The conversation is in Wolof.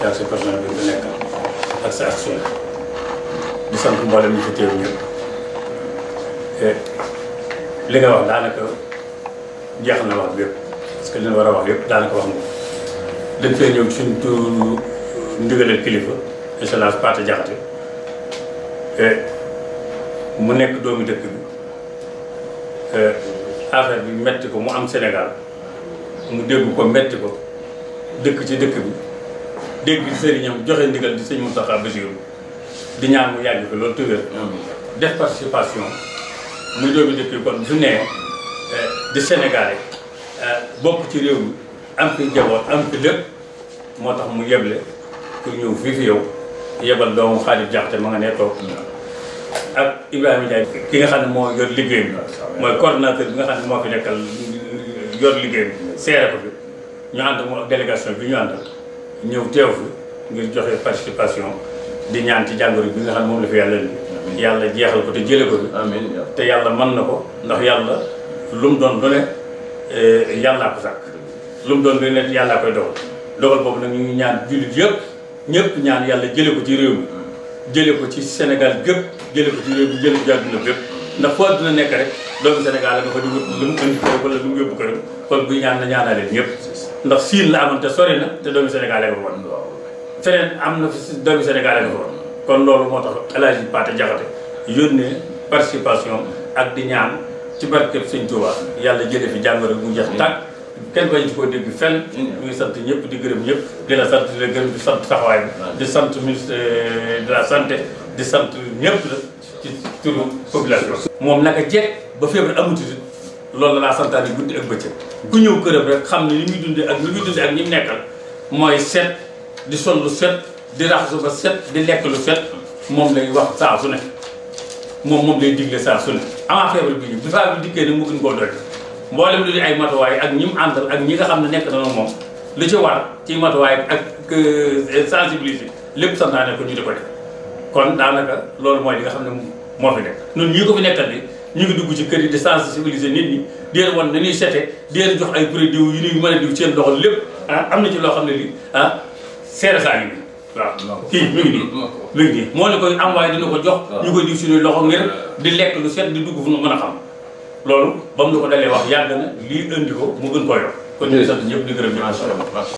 yaa sa personnel bi nga nekkal ak sa action di sant mboolem ñu fi teew li nga wax daanaka jeex na wax bépp parce que li nga war a wax yëpp daanaka wax nga dañ fee ñëw suñ tuur ndigalal kilifa excellence Pate Diakhaté mu nekk doomu dëkk bi affaire bi metti ko mu am Sénégal mu dégg ko metti ko dëkk ci dëkk bi dégg sëriñam joxe ndigal di sëñ Moustapha Bassirou di ñaan mu yàgg fi loolu te wér def participation muy doomi kon su nee eh, di Sénégalais eh, bokk ci réew mi am fi njaboot am fi lépp moo tax mu yeble pour ñëw fii fi yow yebal doomu Xaalib Jaxate ma nga nee toog ak Ibrahima Ndiaye ki nga xam ne moo yor liggéey bi mooy coordonnateur bi nga xam ne moo fi nekkal yor liggéey bi seere ko fi ñu ànd ak délégation bi ñu àndal ñëw teew fi ngir joxe participation di ñaan ci jàngoro bi nga xam moom la fi yàlla indi yàlla jeexal ko te jële ko amiin te yàlla man na ko ndax yàlla lu mu doon lu ne eh, yàllaa ko sàkk lu mu doon lu ne yàllaa koy dogal dogal boobu nag ñu ngi ñaan jullit yëpp ñëpp ñaan yàlla jële ko ci réew mi jële ko ci Sénégal gépp jële ko ci réew mi jële ko ci àdduna bépp ndax foo àdduna nekk rek doomu Sénégal nga fa di wut lu mu indi ko wala lu mu yóbbu ko rek kon bu ñaan na ñaanaleen ñëpp ndax siin la amoon te sori na te doomi Sénégal la ko feneen am na fi doomi Sénégal la ko kon loolu moo tax El Hadj Pathé Diakhaté ne participation ak di ñaan ci barkeb Sëñ Tuubaa yàlla jële fi jàngoro bu jeex tàkk kenn bañ ci koo dégg fenn mm. ñu sant ñëpp di gërëm ñëpp di la sant di la gërëm di sant taxawaay bi mm. di sant ministre euh, de la santé di sant ñëpp la ci turu population moom naka jekk ba feebar amuti loolu laa santaane guddi ak bëccëg ku ñëw këram rek xam ne li muy dundee ak li muy dundee ak ñi mu nekkal mooy set di sol lu set di raxasu ba set di lekk lu set moom lay wax saa su ne moom moom lay digle saa su ne avant feebar bi ñu bi faa bi dikkee ne mu gën koo doy mboolem lu di ay matuwaay ak ñi mu àndal ak ñi nga xam ne nekk na moom lu ci war ci matuwaay ak euh, sensibiliser lépp santaane ko ñu di ko def kon daa daanaka loolu mooy li nga xam ne moo fi nekk ñun ñii ñu ngi dugg ci kër yi di sensibiliser nit ñi di leen wan na ñuy sete di leen jox ay produits yu ñuy mën a diw seen doxal lépp ah am na ci loo xam ne lii ah saa yi waaw kii mi ngi nii mi ngi nii moo ne koy am waaye dina ko jox ñu koy diw suñuy loxo ngir di lekk lu set di dugg fu nu mën a xam loolu ba mu la ko dalee wax yàgg na lii indi ko mu gën ko yor ñu sant ñëpp di gërëm